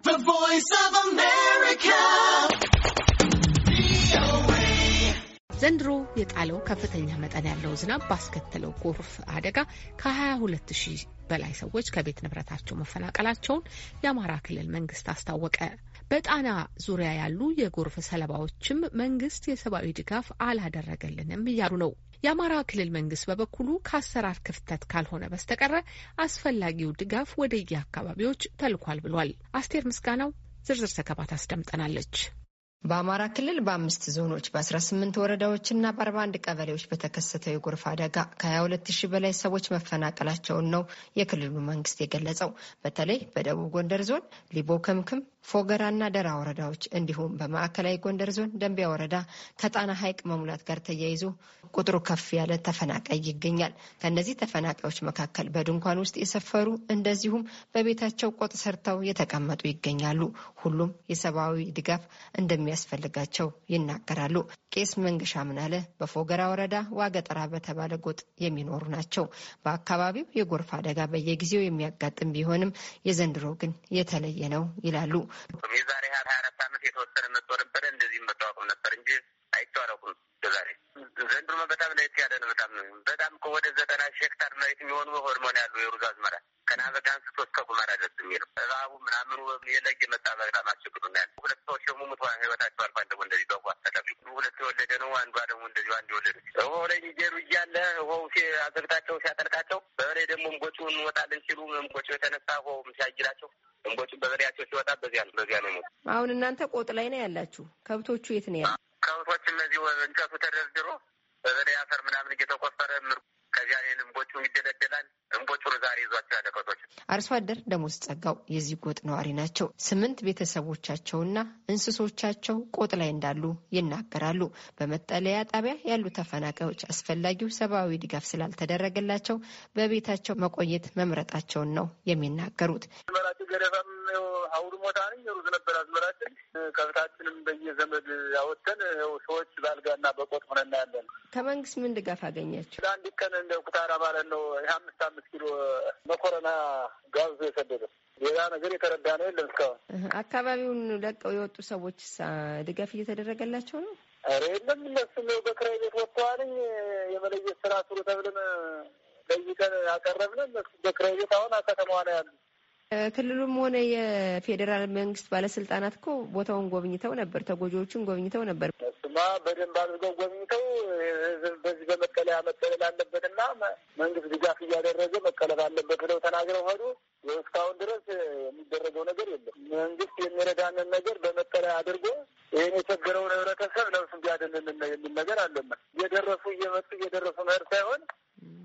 The Voice of America. ዘንድሮ የጣለው ከፍተኛ መጠን ያለው ዝናብ ባስከተለው ጎርፍ አደጋ ከ22 ሺህ በላይ ሰዎች ከቤት ንብረታቸው መፈናቀላቸውን የአማራ ክልል መንግስት አስታወቀ። በጣና ዙሪያ ያሉ የጎርፍ ሰለባዎችም መንግስት የሰብአዊ ድጋፍ አላደረገልንም እያሉ ነው። የአማራ ክልል መንግስት በበኩሉ ከአሰራር ክፍተት ካልሆነ በስተቀረ አስፈላጊው ድጋፍ ወደየ አካባቢዎች ተልኳል ብሏል። አስቴር ምስጋናው ዝርዝር ዘገባ ታስደምጠናለች። በአማራ ክልል በአምስት ዞኖች በ18 ወረዳዎችና በ41 ቀበሌዎች በተከሰተው የጎርፍ አደጋ ከ22 በላይ ሰዎች መፈናቀላቸውን ነው የክልሉ መንግስት የገለጸው። በተለይ በደቡብ ጎንደር ዞን ሊቦ ከምክም፣ ፎገራና ደራ ወረዳዎች እንዲሁም በማዕከላዊ ጎንደር ዞን ደንቢያ ወረዳ ከጣና ሐይቅ መሙላት ጋር ተያይዞ ቁጥሩ ከፍ ያለ ተፈናቃይ ይገኛል። ከእነዚህ ተፈናቃዮች መካከል በድንኳን ውስጥ የሰፈሩ እንደዚሁም በቤታቸው ቆጥ ሰርተው የተቀመጡ ይገኛሉ። ሁሉም የሰብአዊ ድጋፍ እንደሚ እንደሚያስፈልጋቸው ይናገራሉ። ቄስ መንገሻ ምናለ በፎገራ ወረዳ ዋገጠራ በተባለ ጎጥ የሚኖሩ ናቸው። በአካባቢው የጎርፍ አደጋ በየጊዜው የሚያጋጥም ቢሆንም የዘንድሮ ግን የተለየ ነው ይላሉ። የዛሬ ሀያ አራት ዓመት የተወሰነ መጥቶ ነበረ። እንደዚህ መታወቅም ነበር እንጂ አይተዋረቁም ዛሬ ዘንድሮ በጣም ለየት ያለ ነው። በጣም በጣም ወደ ዘጠና ሺህ ሄክታር መሬት የሚሆኑ ሆርሞን ያሉ የሩዝ አዝመራ ከናበጋ አንስቶ እስከ ጉመራ ደስ የሚለው እባቡ ምናምኑ የለግ መጣ በጣም አስቸግሩና ያለ ሁለት ሰዎች ደግሞ ሙት ህይወታቸው አልፋ ደግሞ እንደዚህ በጉ አስተዳቢ ሁለት የወለደ ነው። አንዷ ደግሞ እንደዚሁ አንድ የወለደ ውሃ ላይ ሚጀሩ እያለ ውሃው አዘግታቸው ሲያጠልቃቸው በበሬ ደግሞ እንቦጩ እንወጣለን ሲሉ እንቦጩ የተነሳ ውሃውም ሲያጅላቸው እንቦጩ በበሬያቸው ሲወጣ በዚያ ነው በዚያ ነው። ሞት። አሁን እናንተ ቆጥ ላይ ነው ያላችሁ። ከብቶቹ የት ነው ያለ? ከብቶች እነዚህ እንጨቱ ተደርድሮ በበሬ አፈር ምናምን እየተቆፈረ ምር ከዚያ እምቦጩ ይደለደላል አርሶ አደር ደሞዝ ጸጋው የዚህ ጎጥ ነዋሪ ናቸው። ስምንት ቤተሰቦቻቸውና እንስሶቻቸው ቆጥ ላይ እንዳሉ ይናገራሉ። በመጠለያ ጣቢያ ያሉ ተፈናቃዮች አስፈላጊው ሰብአዊ ድጋፍ ስላልተደረገላቸው በቤታቸው መቆየት መምረጣቸውን ነው የሚናገሩት። ሞታ ነኝ የሩዝ ነበር አዝመራችን። ከብታችንም በየዘመድ ያወተን ሰዎች በአልጋና በቆጥ ሆነና ያለን። ከመንግስት ምን ድጋፍ አገኛችሁ? ለአንድ ቀን እንደ ኩታራ ማለት ነው የአምስት አምስት ኪሎ መኮረና ጋዙ የሰደደ ሌላ ነገር የተረዳ ነው የለም እስካሁን። አካባቢውን ለቀው የወጡ ሰዎች ድጋፍ እየተደረገላቸው ነው? ኧረ የለም እነሱም ው በክራይ ቤት ወጥተዋልኝ የመለየት ስራ ስሩ ተብለን ጠይቀን ያቀረብነ እነሱ በክራይ ቤት አሁን አከተማዋ ነው ያሉ ክልሉም ሆነ የፌዴራል መንግስት ባለስልጣናት እኮ ቦታውን ጎብኝተው ነበር፣ ተጎጂዎቹን ጎብኝተው ነበር። እሱማ በደንብ አድርገው ጎብኝተው በዚህ በመጠለያ መጠለል አለበትና መንግስት ድጋፍ እያደረገ መቀለብ አለበት ብለው ተናግረው ሄዱ። እስካሁን ድረስ የሚደረገው ነገር የለም። መንግስት የሚረዳንን ነገር በመጠለያ አድርጎ ይህን የቸገረውን ህብረተሰብ ለብሱ ቢያደንልን የሚል ነገር አለና እየደረሱ እየመጡ እየደረሱ መሄድ ሳይሆን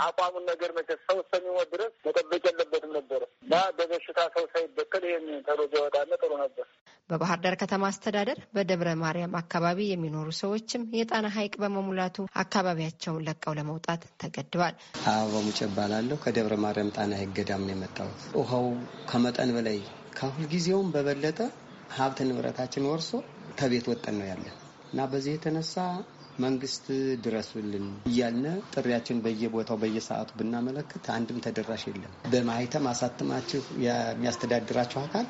አቋሙን ነገር ሰው እስከሚሞት ድረስ መጠበቅ የለበትም ነበረ። እና በበሽታ ሰው ሳይበከል ይህን ተሎ ቢያወጣለ ጥሩ ነበር። በባህር ዳር ከተማ አስተዳደር በደብረ ማርያም አካባቢ የሚኖሩ ሰዎችም የጣና ሐይቅ በመሙላቱ አካባቢያቸውን ለቀው ለመውጣት ተገድበዋል። አበባ ሙጬ እባላለሁ። ከደብረ ማርያም ጣና ሐይቅ ገዳም ነው የመጣሁት። ውሃው ከመጠን በላይ ከሁልጊዜውም በበለጠ ሀብት ንብረታችን ወርሶ ከቤት ወጠን ነው ያለን እና በዚህ የተነሳ መንግስት ድረሱልን እያልን ጥሪያችን በየቦታው በየሰዓቱ ብናመለክት አንድም ተደራሽ የለም። በማህተም አሳትማችሁ የሚያስተዳድራችሁ አካል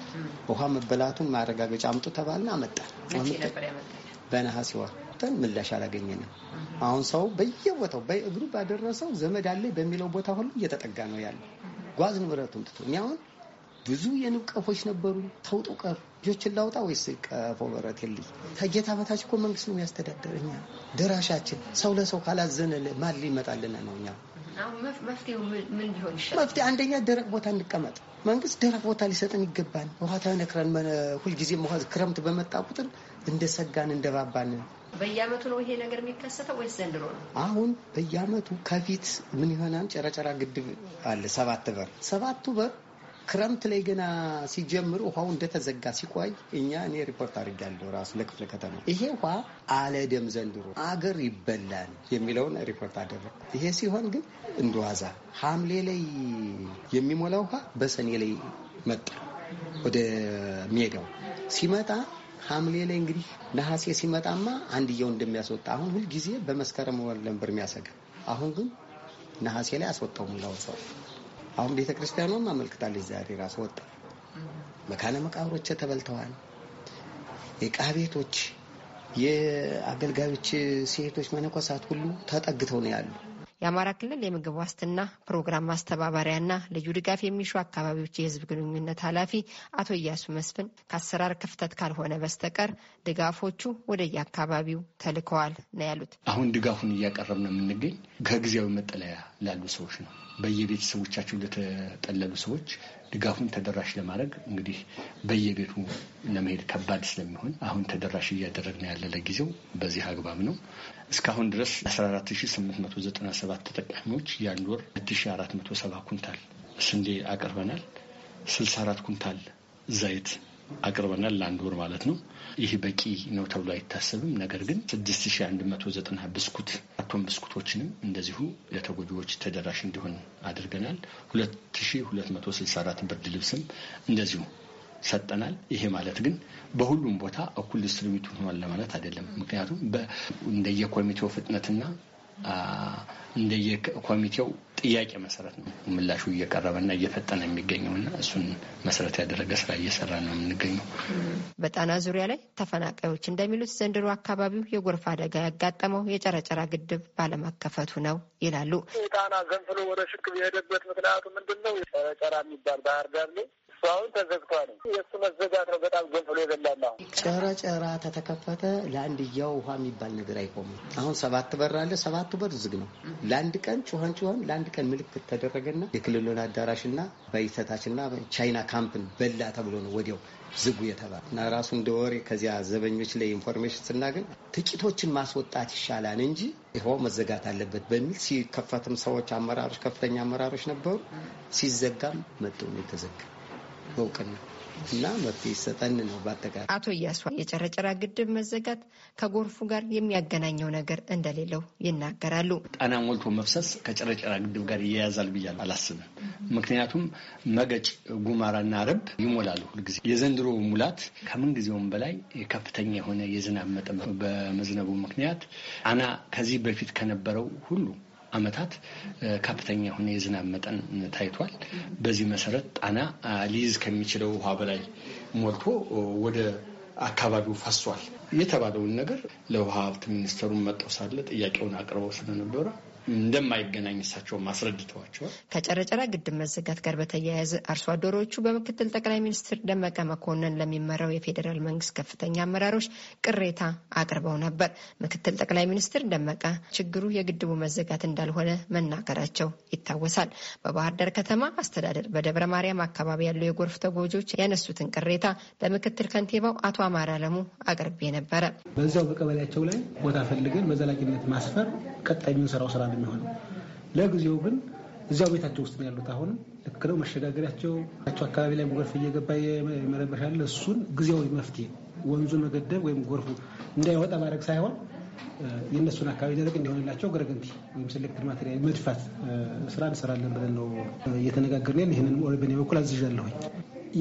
ውሃ መበላቱን ማረጋገጫ አምጡ ተባልን። አመጣን በነሐሴ ወር ምላሽ አላገኘንም። አሁን ሰው በየቦታው በእግሩ ባደረሰው ዘመድ አለ በሚለው ቦታ ሁሉ እየተጠጋ ነው ያለ ጓዝ ንብረቱን ትቶ እኔ አሁን ብዙ የንብ ቀፎች ነበሩ ተውጦ ቀሩ። ልጆችን ላውጣ ወይስ ቀፎ በረት የልይ ከጌታ በታች እኮ መንግስት ነው ያስተዳደረኛ ድራሻችን ሰው ለሰው ካላዘነ ማን ሊመጣልን ነው? እኛ መፍትሄ አንደኛ ደረቅ ቦታ እንቀመጥ። መንግስት ደረቅ ቦታ ሊሰጥን ይገባል። ውሃ ተነክረን ሁልጊዜም ውሃ ክረምት በመጣ ቁጥር እንደ ሰጋን እንደ ባባን በየአመቱ ነው ይሄ ነገር የሚከሰተው ወይስ ዘንድሮ ነው? አሁን በየአመቱ ከፊት ምን ይሆናል? ጨረጨራ ግድብ አለ ሰባት በር ሰባቱ በር ክረምት ላይ ገና ሲጀምሩ ውሃው እንደተዘጋ ሲቆይ እኛ እኔ ሪፖርት አድርጋለሁ ራሱ ለክፍለ ከተማ ይሄ ውሃ አለደም ዘንድሮ አገር ይበላል የሚለውን ሪፖርት አደረግ። ይሄ ሲሆን ግን እንደዋዛ ሐምሌ ላይ የሚሞላ ውሃ በሰኔ ላይ መጣ ወደ ሜዳው ሲመጣ ሐምሌ ላይ እንግዲህ ነሐሴ ሲመጣማ አንድየው እንደሚያስወጣ አሁን ሁልጊዜ በመስከረም ወር ነበር የሚያሰጋ። አሁን ግን ነሐሴ ላይ አስወጣው ሙላው ሰው አሁን ቤተ ክርስቲያኗም አመልክታለች። ዛሬ ራስ ወጣ መካነ መቃብሮች ተበልተዋል። የዕቃ ቤቶች፣ የአገልጋዮች ሴቶች፣ መነኮሳት ሁሉ ተጠግተው ነው ያሉ። የአማራ ክልል የምግብ ዋስትና ፕሮግራም ማስተባበሪያና ልዩ ድጋፍ የሚሹ አካባቢዎች የህዝብ ግንኙነት ኃላፊ አቶ እያሱ መስፍን ከአሰራር ክፍተት ካልሆነ በስተቀር ድጋፎቹ ወደ የአካባቢው ተልከዋል ነው ያሉት። አሁን ድጋፉን ነው የምንገኝ ከጊዜያዊ መጠለያ ላሉ ሰዎች ነው። በየቤተሰቦቻቸው ለተጠለሉ ሰዎች ድጋፉን ተደራሽ ለማድረግ እንግዲህ በየቤቱ ለመሄድ ከባድ ስለሚሆን አሁን ተደራሽ እያደረግን ያለ ለጊዜው በዚህ አግባብ ነው። እስካሁን ድረስ 14897 ተጠቃሚዎች የአንድ ወር 1470 ኩንታል ስንዴ አቅርበናል። 64 ኩንታል ዘይት አቅርበናል ለአንድ ወር ማለት ነው። ይህ በቂ ነው ተብሎ አይታሰብም። ነገር ግን 6190 ብስኩት ካርቶን ብስኩቶችንም እንደዚሁ ለተጎጂዎች ተደራሽ እንዲሆን አድርገናል። 2264 ብርድ ልብስም እንደዚሁ ሰጠናል። ይሄ ማለት ግን በሁሉም ቦታ እኩል ዲስትሪቢዩት ሆኗል ለማለት አይደለም። ምክንያቱም እንደየኮሚቴው ፍጥነትና ኮሚቴው ጥያቄ መሰረት ነው ምላሹ እየቀረበና እየፈጠነ የሚገኘውና እሱን መሰረት ያደረገ ስራ እየሰራ ነው የምንገኘው። በጣና ዙሪያ ላይ ተፈናቃዮች እንደሚሉት ዘንድሮ አካባቢው የጎርፍ አደጋ ያጋጠመው የጨረጨራ ግድብ ባለመከፈቱ ነው ይላሉ። ጣና ዘንፍሎ ወደ ሽክ የሄደበት ምክንያቱ ምንድን ነው? ጨረጨራ የሚባል ባህር ዳር ላይ አሁን ተዘግቷል። የእሱ መዘጋት ነው በጣም ገንፍሎ የበላና ጨራ ጨራ ተተከፈተ። ለአንድ እያው ውሃ የሚባል ነገር አይቆምም። አሁን ሰባት በር አለ። ሰባቱ በር ዝግ ነው። ለአንድ ቀን ጩኸን ጩኸን ለአንድ ቀን ምልክት ተደረገና የክልሉን አዳራሽና በይሰታችና ቻይና ካምፕን በላ ተብሎ ነው ወዲያው ዝጉ የተባለ እና ራሱ እንደ ወሬ ከዚያ ዘበኞች ላይ ኢንፎርሜሽን ስናገኝ ጥቂቶችን ማስወጣት ይሻላል እንጂ ይኸው መዘጋት አለበት በሚል ሲከፈትም ሰዎች አመራሮች፣ ከፍተኛ አመራሮች ነበሩ። ሲዘጋም መጠኑ የተዘጋ በእውቅና እና መፍትሄ ይሰጠን ነው። በአጠቃላይ አቶ እያሱ የጨረጨራ ግድብ መዘጋት ከጎርፉ ጋር የሚያገናኘው ነገር እንደሌለው ይናገራሉ። ጣና ሞልቶ መፍሰስ ከጨረጨራ ግድብ ጋር ይያያዛል ብያል አላስብም። ምክንያቱም መገጭ፣ ጉማራና ረብ ይሞላሉ ሁልጊዜ። የዘንድሮ ሙላት ከምንጊዜውም በላይ ከፍተኛ የሆነ የዝናብ መጠን በመዝነቡ ምክንያት አና ከዚህ በፊት ከነበረው ሁሉ ዓመታት ከፍተኛ የሆነ የዝናብ መጠን ታይቷል። በዚህ መሰረት ጣና ሊይዝ ከሚችለው ውሃ በላይ ሞልቶ ወደ አካባቢው ፈሷል። የተባለውን ነገር ለውሃ ሀብት ሚኒስተሩን መጠው ሳለ ጥያቄውን አቅርበው ስለነበረ እንደማይገናኝ እሳቸውም አስረድተዋቸዋል። ከጨረጨራ ግድብ መዘጋት ጋር በተያያዘ አርሶ አደሮቹ በምክትል ጠቅላይ ሚኒስትር ደመቀ መኮንን ለሚመራው የፌዴራል መንግስት ከፍተኛ አመራሮች ቅሬታ አቅርበው ነበር። ምክትል ጠቅላይ ሚኒስትር ደመቀ ችግሩ የግድቡ መዘጋት እንዳልሆነ መናገራቸው ይታወሳል። በባህር ዳር ከተማ አስተዳደር በደብረ ማርያም አካባቢ ያለው የጎርፍ ተጎጆች ያነሱትን ቅሬታ ለምክትል ከንቲባው አቶ አማራ ለሙ አቅርቤ ነበር። ነበረ። በዚያው በቀበሌያቸው ላይ ቦታ ፈልገን በዘላቂነት ማስፈር ቀጣይ የምንሰራው ስራ እንደሚሆነው ለጊዜው ግን እዚያው ቤታቸው ውስጥ ነው ያሉት። አሁንም ልክ ነው። መሸጋገሪያቸው አካባቢ ላይ ጎርፍ እየገባ የመረበሻ አለ። እሱን ጊዜያዊ መፍትሄ ወንዙን መገደብ ወይም ጎርፉ እንዳይወጣ ማድረግ ሳይሆን የእነሱን አካባቢ ደረቅ እንዲሆንላቸው ገረገንቲ ወይም ሴሌክትድ ማቴሪያል መድፋት ስራ እንሰራለን ብለን ነው እየተነጋገርን። ይህንን በኔ በኩል አዝዣለሁኝ።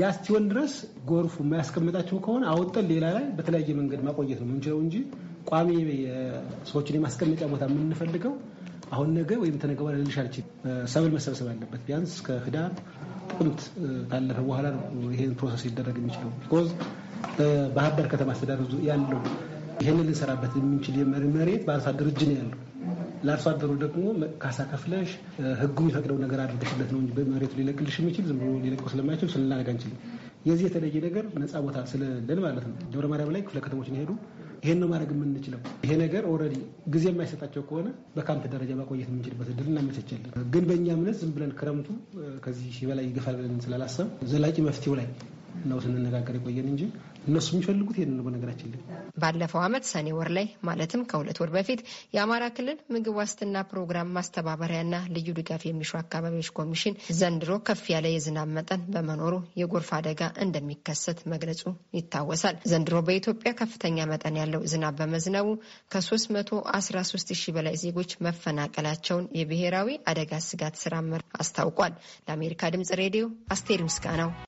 ያስቲሆን ድረስ ጎርፉ የማያስቀምጣቸው ከሆነ አወጠን ሌላ ላይ በተለያየ መንገድ ማቆየት ነው የምንችለው እንጂ ቋሚ ሰዎችን የማስቀመጫ ቦታ የምንፈልገው አሁን ነገ ወይም ተነገ ልልሽ አልችልም። ሰብል መሰብሰብ አለበት። ቢያንስ ከህዳር ጥቅምት ካለፈ በኋላ ነው ይሄን ፕሮሰስ ሊደረግ የሚችለው። ቢኮዝ ባህር ዳር ከተማ አስተዳደር ያለው ይህንን ልንሰራበት የምንችል መሬት በአርሶ አደር እጅ ነው ያለው። ለአርሶ አደሩ ደግሞ ካሳ ከፍለሽ ህጉ የሚፈቅደው ነገር አድርገሽለት ነው እንጂ በመሬቱ ሊለቅልሽ የሚችል ዝም ብሎ ሊለቀው ስለማይችል ስልናደርግ አንችልም። የዚህ የተለየ ነገር ነፃ ቦታ ስለለን ማለት ነው። ደብረ ማርያም ላይ ክፍለ ከተሞችን ሄዱ ይሄን ነው ማድረግ የምንችለው። ይሄ ነገር ኦልሬዲ ጊዜ የማይሰጣቸው ከሆነ በካምፕ ደረጃ ማቆየት የምንችልበት እድል እናመቻቻለን። ግን በእኛ እምነት ዝም ብለን ክረምቱ ከዚህ በላይ ይገፋል ብለን ስላላሰብ ዘላቂ መፍትሄው ላይ ነው ስንነጋገር የቆየን እንጂ እነሱ የሚፈልጉት ይሄን ነው። በነገራችን ላይ ባለፈው ዓመት ሰኔ ወር ላይ ማለትም ከሁለት ወር በፊት የአማራ ክልል ምግብ ዋስትና ፕሮግራም ማስተባበሪያና ልዩ ድጋፍ የሚሹ አካባቢዎች ኮሚሽን ዘንድሮ ከፍ ያለ የዝናብ መጠን በመኖሩ የጎርፍ አደጋ እንደሚከሰት መግለጹ ይታወሳል። ዘንድሮ በኢትዮጵያ ከፍተኛ መጠን ያለው ዝናብ በመዝነቡ ከ313 ሺህ በላይ ዜጎች መፈናቀላቸውን የብሔራዊ አደጋ ስጋት ስራ አመራር አስታውቋል። ለአሜሪካ ድምጽ ሬዲዮ አስቴር ምስጋናው